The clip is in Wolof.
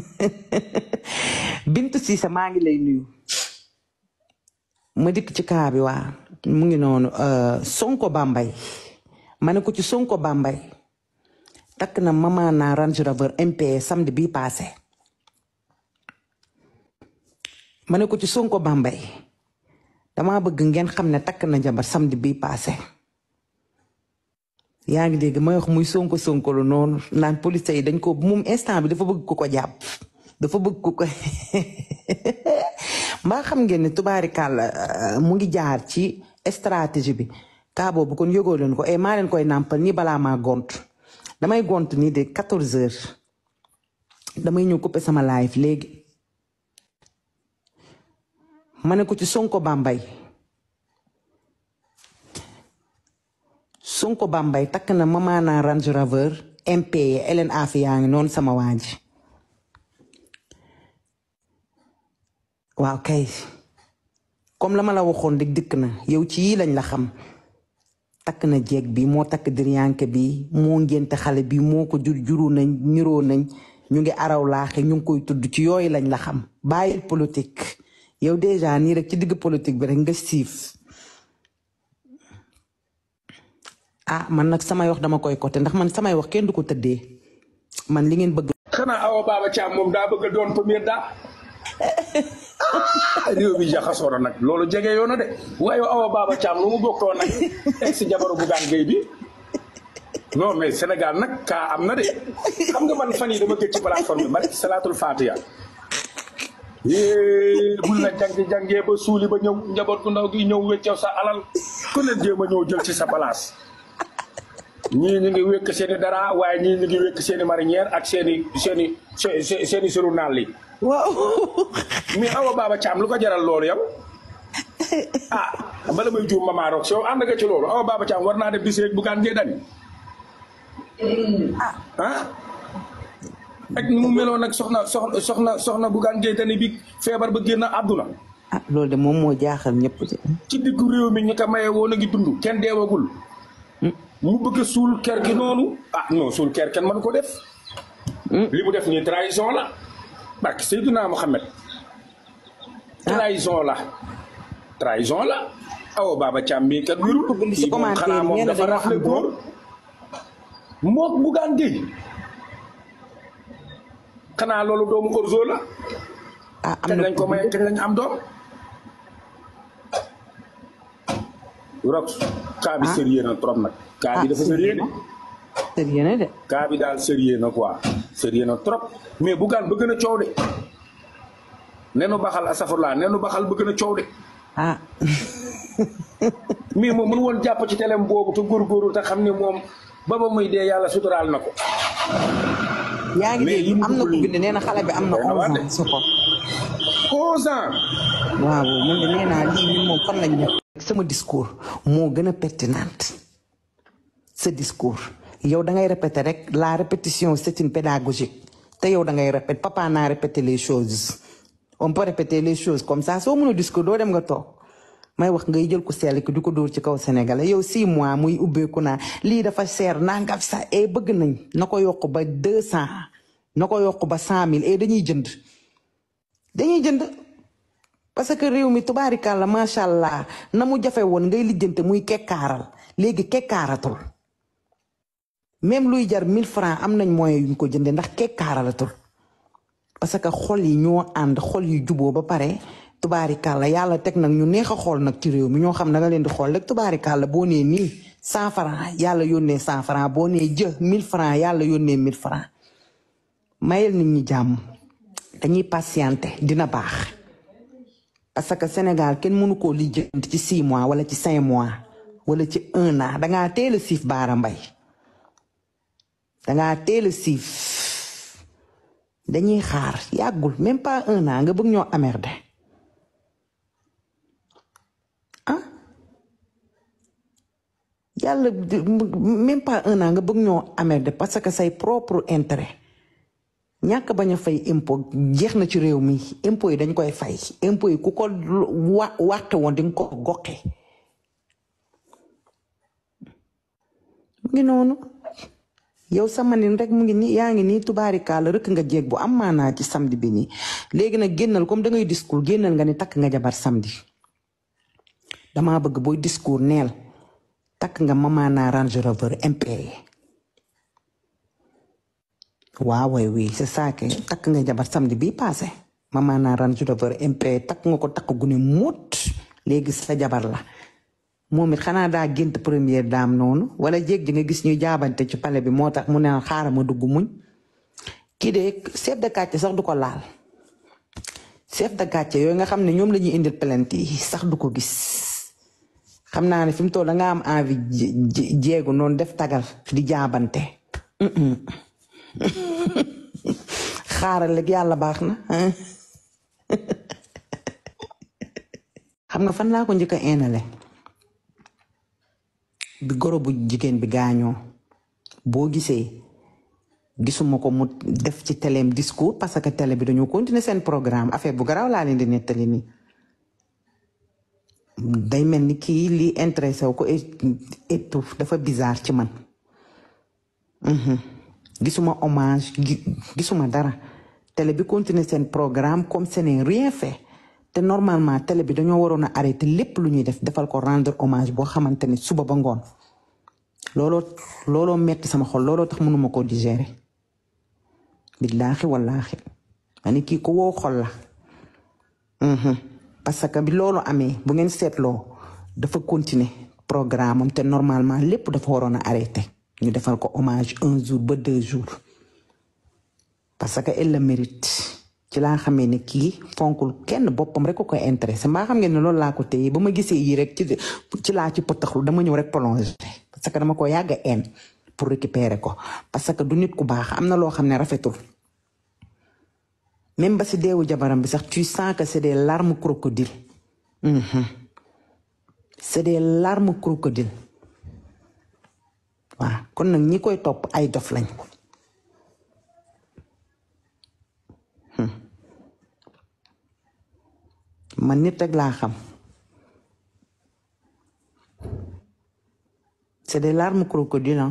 Bintu Cissé maa ngi lay nuyu ma dikk ci kaa bi waa mu ngi noonu euh, Sonko Bambay ma ne ko ci Sonko Bambay takk na mama naa Range Rover MP bii passé ma ne ko ci Sonko Bambay dama bëgg ngeen xam ne takk na jabar samedi bii passé yaa ngi dégg may wax muy sonko sonko lu noonu naan police yi dañ koo moom instant bi dafa bëgg ko ko jàpp dafa bëgg ko ko mbaa xam ngeen ne tubaarikàlla euh, mu ngi jaar ci stratégie bi kaa boobu kon yëgoo ko e maa leen koy nàmpal nii balaa maa gont damay gont nii de 14 heures damay ñëw coupé sama laay léegi ma ne ko ci sonko bambay Sonko Bambay takk na mamaanaa Range Rover MP Hélène Afi yaa ngi noonu sama waa waaw kay comme la ma la waxoon dig dikk na yow ci yii lañ la xam takk na jeeg bi moo takk diriyànke bi moo ngénte xale bi moo ko jur juru nañ niroo nañ ñu ngi araw laaxe ñu ngi koy tudd ci yooyu lañ la xam bàyyil politique yow déjà nii rek ci digg politique bi rek nga siif ah man nag samay wax dama koy côté ndax man samay wax kenn du ko tëddee man li ngeen bëgg. xanaa Awa Baba Thiam moom daa bëgg a doon première daa réew mi jaxasoo na nag loolu jege yoo na de waaye Awa Baba Thiam lu mu bokkoon nag ex am na nga man fan yi dama gëj ci plateforme bi ma rek salaatul fatiha bul la ba ñëw njaboot ku ndaw gi ñëw weccew sa alal ku ne jël ci sa place ñii ñu ngi wékk seen dara waaye ñii ñu ngi wékk seen i ak seen i seen i seen i sëru naal yi. mais Awa Baba Thiam lu ko jaral loolu yow. ah bala may juum Mama Rox ci loolu Awa war naa def bis rek Bougane Gueye ah. ah? mu meloon nag soxna soxna soxna soxna Bougane Gueye bi feebar ba génn àdduna. ah loolu de moom moo jaaxal ñëpp ci diggu réew mi ñu ko maye woon a dund kenn deewagul. mu bëgg suul ker gi noonu ah non suul ker kenn mën ko def. Hmm. li mu def nii trahison la barke Seydina Mohamed. trahison la trahison la. awa Baba Thiam mii kat wérul. dugg ci commentaire xanaa moom dafa rafle góor. mook Bougane Gueye xanaa loolu doomu Orzo la. ah am na ko may kañ lañ am doom. rox cas bi ah. sérieux na trop nag. cas bi ah, dafa sérieux de. sérieux na de. cas bi daal sérieux na quoi sérieux na trop mais Bougane bëgg na coow de nenu baxal asafurlaa nenu baxal bëgg na coow de. ah. mais moom mënu woon jàpp ci teleem boobu te góorgóorlu te xam ne moom ba ba muy dee yàlla suturaal na ko. yaa ngi dégg am na ku bind nee na bi am na 11 ans su waaw man de nee naa lii moom fan lañ nekk. sama discours moo gën a pertinente sa discours yow da ngay répéter rek la répétition c'est une pédagogique te yow da ngay répéter papa naa répéter les choses on peut répéter les choses comme ça soo mënul discours doo dem nga toog may wax ngay jël ko sell ki di ko dóor ci kaw Sénégalais yow six mois muy ubbeeku naa lii dafa seer nangam sax e bëgg nañ na ko yokk ba deux cent na ko yokk ba cent mille et eh, dañuy jënd dañuy jënd. parce que réew mi tubaarikàlla macha allah na mu jafe woon ngay lijjante muy kekkaaral léegi kekkaaratul même luy jar mille francs am nañ moyen yuñ ko jënde ndax kekkaaralatul parce que xol yi ñoo ànd xol yi juboo ba pare tubaarikàlla yàlla teg nag ñu neex a xool nag ci réew mi ñoo xam na nga leen di xool rek tubaarikàlla boo nee nii 100 francs yàlla yónnee 100 francs boo nee jë mille francs yàlla yónnee 1000 francs mayel nit ñi jàmm dañuy patienté dina baax. parce que Sénégal kenn mënu koo lijjanti ci six mois wala ci cin mois wala ci un an da teel a siif baara mbay da ngaa teel a siif dañuy xaar yàggul même pas un an nga bëgg ñoo amerde ah yàlla même pas un an nga bëgg ñoo amerde parce que say propre intérêt. ñàkk bañ a fay impôt jeex na ci réew mi impôt yi dañ koy fay impôt yi ku ko wa wàqe woon di nga mu ngi noonu yow sama nin rek mu ngi nii yaa ngi nii tubaarikaala rëkk nga jéeg bu am maanaa ci samdi bi nii léegi nag génnal comme da ngay discours génnal nga ni takk nga jabar samedi damaa bëgg booy discours neel takk nga mamaanaa range rover mp e. waaw waay oui c'est ça takk nga jabar samedi bi passé maman naa ran sudafor mp takk nga ko takk gu ne mut léegi sa jabar la moom it xanaa daa gént première daam noonu wala jéeg ji nga gis ñu jaabante ci pale bi moo tax mu ne xaaral ma dugg muñ kii de chef de quartier sax du ko laal chef de yooyu nga xam ne ñoom la indil plainte yi sax du ko gis xam naa ne fi mu toll da nga am envie jéegu noonu def tagal di jaabante xaaral léegi yàlla baax na xam nga fan laa ko njëkk a eenale bi goro bu jigéen bi gaañoo boo gisee gisuma ko mu def ci teleem discours parce que tele bi dañoo continuer seen programme affaire bu garaaw laa leen di nettali nii day mel ni kii lii intéressé wu ko et dafa bizarre ci man mhm. gisuma hommage gisuma dara tele bi continuer seen programme comme ce n'est rien fait te normalement télé bi dañoo waroon a arrêté lépp lu ñuy def defal ko rendre hommage boo xamante ne suba ba ngoon loolo metti sama xol looloo tax mënuma koo digérer billaahi wallaahi ani kii ko woo xol la mhm. parce que bi amee bu ngeen seetloo dafa continuer programme am te normalement lépp dafa waroon a arrêté ñu defal ko hommage un jour ba deux jour parce que elle le mérite ci laa xamee ne kii fonkul kenn boppam rek ko koy intéressé maa xam ngeen ne loolu laa ko téye ba ma gisee yii rek ci ci laa ci potaxlu dama ñëw rek prolongé parce que dama ko yàgg a pour récupérer ko parce que du nit ku baax am na loo xam ne rafetul même ba si deewu jabaram bi sax tu sens que c'est des larmes crocodile mhm. c'est des larmes crocodile waaw kon nag ñi koy topp ay dof lañ hmm. man nit rek laa xam c'est des larmes crocodiles